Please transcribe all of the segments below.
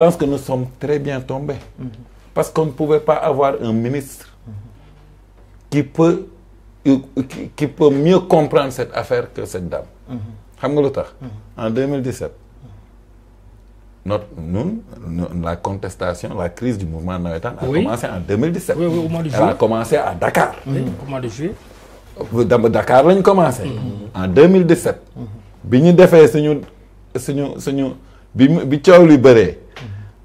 Je pense que nous sommes très bien tombés. Mhm. Parce qu'on ne pouvait pas avoir un ministre mhm. qui, peut, euh, qui, peut mieux comprendre cette affaire que cette dame. Mhm. En 2017, la contestation, la crise du mouvement a commencé en 2017. Elle a commencé à Dakar. au mois de juillet. Euh, Dans Dakar, on a commencé. En 2017, nous nous, nous, nous,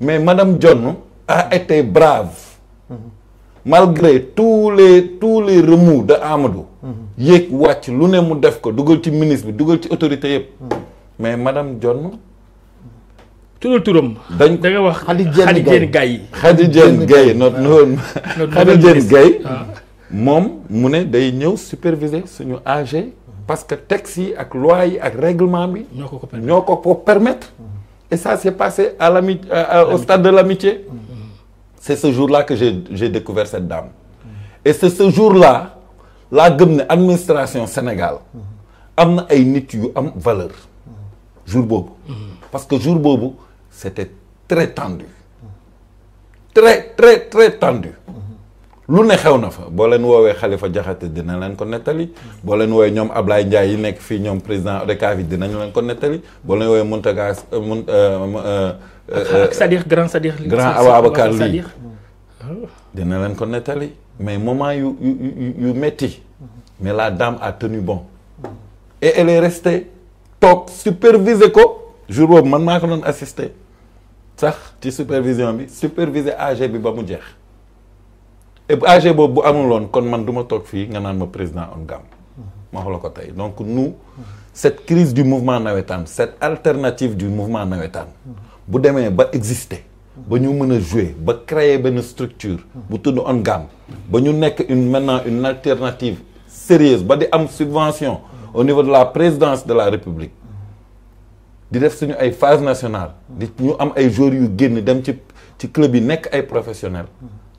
mais Madame John a été brave. malgré tous les tous les remous de Amadou. yéeg wàcc lu ne mu def ko dugal ci ministre bi dugal ci autorité yëpp. mais Madame John. tuddal turam. dañ da nga wax Khady Diène Gaye Khady Diène Gaye notre Khady Diène Gaye ah. moom mu ne day ñëw superviser suñu AG. parce que taxi yi ak loi yi ak règlement bi. ñoo ko permettre. Et ça s'est passé euh, euh, au stade de l'amitié. C'est ce jour-là que j'ai découvert cette dame. Et c'est ce jour-là, la administration Sénégal a a une valeur. jour Bobo. parce que jour Bobo, c'était très tendu. très très très tendu lu ne xew fa bo len wowe Khalifa Diakhaté dina len ko nettali bo len woowee ñom Ablaye Ndiaye yi nekk fii ñoom président ODCAV yi dinañ leen ko nettali boo leen woowee Mountaga euh, mun. Euh, euh, ak Sadikh grand Sadikh. grand Ababacar lii dina len ko nettali mais moment yu yu yu métti mais la dame a tenu bon et elle est restée toog superviser ko jour boobu man maa ko doon assister sax ci supervision bi superviser AG bi ba mu jeex et si boobu bu amul woon kon man du ma toog fii nga ma président on ma donc nous cette crise du mouvement nawetaan cette alternative du mouvement nawetaan bu elle ba exister ba ñu jouer ba créer une structure bu tudd être en ba ñu nekk maintenant une alternative sérieuse ba di am subvention au niveau de la présidence de la république di def suñu ay phase nationale di ñu am des joueurs yu sont dem clubs ci club yi professionnels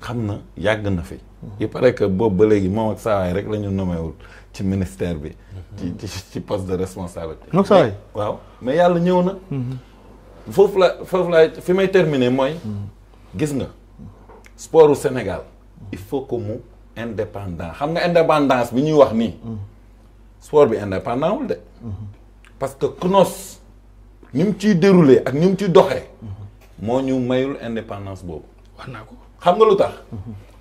xam na yàgg na fi. il paraît que boobu ba léegi moom ak saawaay rek la ñu nomewul ci ministère bi. ci ci poste de responsabilité. moom saawaay waaw mais yàlla ñëw na. foofu la foofu la fi may terminer mooy. gis nga sportu Sénégal il faut que mu indépendant xam nga indépendance bi ñuy wax nii. sport bi indépendant wul de. parce que CNOS ni mu ciy déroulé ak ni mu ciy doxee. moo ñu mayul indépendance boobu wax naa ko. xam nga lu tax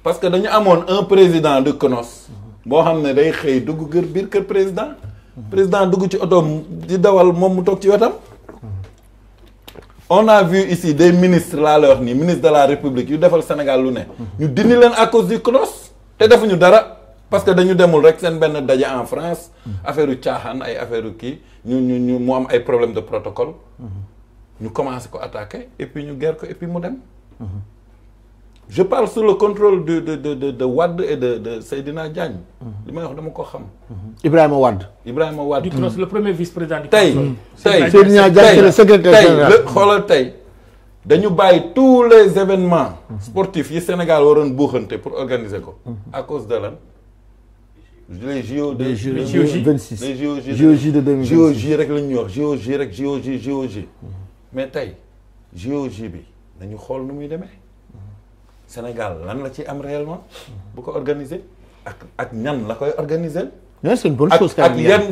parce que dañu amoon un président de CONOS boo xam ne day xëy dugg kër biir kër président président dugg ci otoom di dawal moom mu toog ci wetam on a vu ici des ministres la wax nii ministre de la république yu defal Sénégal lu ne ñu dindi leen à cause du CONOS te defuñu dara parce que dañu demul rek en France affaire yu ay affaire ki, kii ñu ñu ñu mu am ay problème de protocole ñu commencé ko attaquer et puis ñu guerre ko et puis mu dem je parle sous le contrôle de de de de de Wade et de de Seydina Diagne. Mhm. li may wax dama ko xam. Mhm. Ibrahim Wade. Ibrahim Wade. du CROSS le premier vice-président du. tey tey Seydina Diagne c'est le secrétaire général tey xoolal tey dañu bàyyi tous les événements mhm. sportifs yi Sénégal waroon buuxante pour organiser ko. à cause de lan. les JO de. les JOJ 26 les JOJ de 2026 JOJ rek la ñuy wax JOJ rek JOJ JOJ. mais tey JOJ bi nañu xool nu muy demee. Sénégal lan la ci am réellement. bu ko organiser ak ak ñan la koy organiser. non c'est une bonne chose. ak